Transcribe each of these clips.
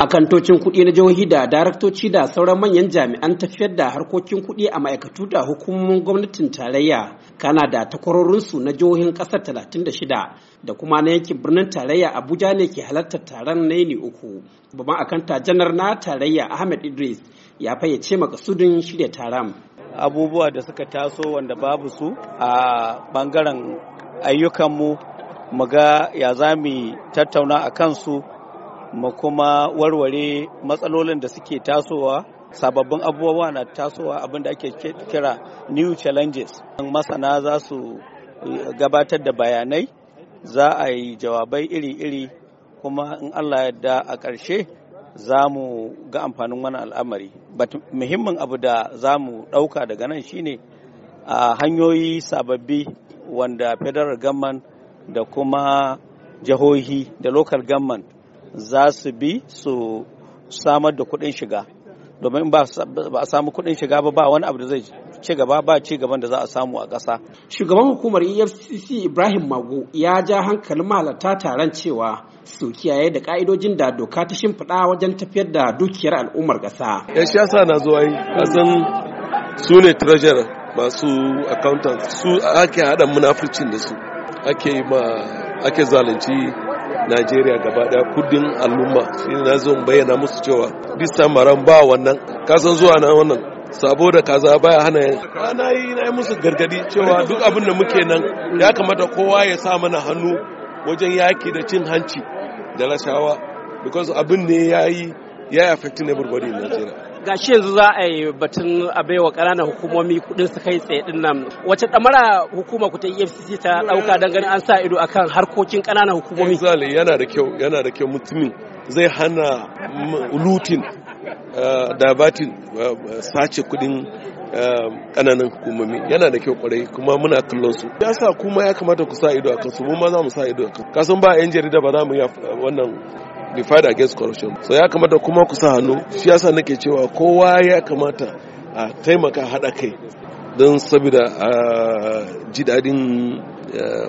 akantocin kuɗi na jihohi da daraktoci da sauran manyan jami'an tafiyar da harkokin kuɗi a ma'aikatu da hukumomin gwamnatin tarayya kana da takwarorinsu na jihohin ƙasar 36 da kuma na yankin birnin tarayya abuja ne ke halartar taron na yini uku babban akanta janar na tarayya ahmed idris ya fayyace makasudin shirya taron abubuwa da suka taso wanda babu su a bangaren ayyukanmu mu ga ya za mu tattauna a kansu mu kuma warware matsalolin da suke tasowa sababbin abubuwa na tasowa abinda ake kira new challenges masana za su eh, gabatar da bayanai za a yi jawabai iri-iri kuma in allah yadda a ƙarshe za mu ga amfanin wani al'amari muhimmin abu da za mu ɗauka daga nan shine a hanyoyi sababbi wanda federal government da kuma jihohi da local government za su bi su samar da kuɗin shiga domin ba a samu kuɗin shiga ba ba wani abu da zai ci gaba ba ci gaban da za a samu a ƙasa. Shugaban hukumar EFCC Ibrahim Mago ya ja hankalin mahalarta taron cewa su kiyaye da ka'idojin da doka ta shimfiɗa wajen tafiyar da dukiyar al'ummar ƙasa. Ya eh, sha sa na zuwa yi, kasan su ne treasurer masu accountant su ake haɗa munafurcin da su ake ma ake zalunci najeriya gaba daya kudin al'umma shi na zo bayyana musu cewa bisa maran ba wannan kasan zuwa na wannan sabo kaza baya hana yin ana yi na yi musu gargadi cewa duk abin da muke nan ya kamata kowa ya sa mana hannu wajen yaki da cin hanci da rashawa because abin ne ya yi ya affecting everybody in Nigeria. ga shi yanzu za a yi batun a baiwa ƙananan hukumomi kuɗin su kai tsaye din nan wace ɗamara hukuma ku ta efcc ta ɗauka don ganin an sa ido akan harkokin ƙananan hukumomi misali yana da kyau yana da kyau mutumin zai hana lutin uh, dabatin uh, sace kuɗin um, ƙananan hukumomi yana da kyau kwarai kuma muna kallon su ya sa kuma ya kamata ku sa ido akan su mu ma za mu sa ido akan kasan ba yan jarida ba za mu yi wannan the fight against corruption so ya kamata kuma ku sa hannu shi yasa nake cewa kowa ya kamata a taimaka haɗa kai don saboda a ji dadin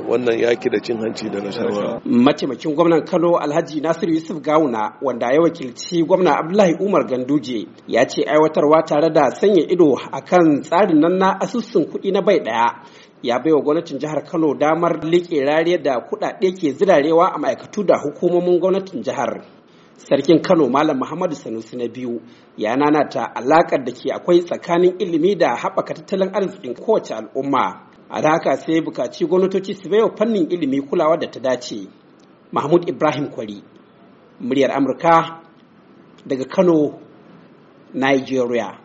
wannan yaki da cin hanci da rashawa. Mataimakin gwamnan Kano Alhaji Nasiru Yusuf Gawuna wanda ya wakilci gwamna Abdullahi Umar Ganduje ya ce aiwatarwa tare da sanya ido akan tsarin nan na asusun kuɗi na bai ɗaya ya bai wa gwamnatin jihar Kano damar liƙe rariya da kuɗaɗe ke zirarewa a ma'aikatu da hukumomin gwamnatin jihar. sarkin kano malam muhammadu sanusi na biyu ya nanata alakar da ke akwai tsakanin ilimi da haɓaka tattalin arzikin kowace al'umma a da haka sai bukaci gwamnatoci su baiwa fannin ilimi kulawa da ta dace mahmud ibrahim kwari muryar amurka daga kano nigeria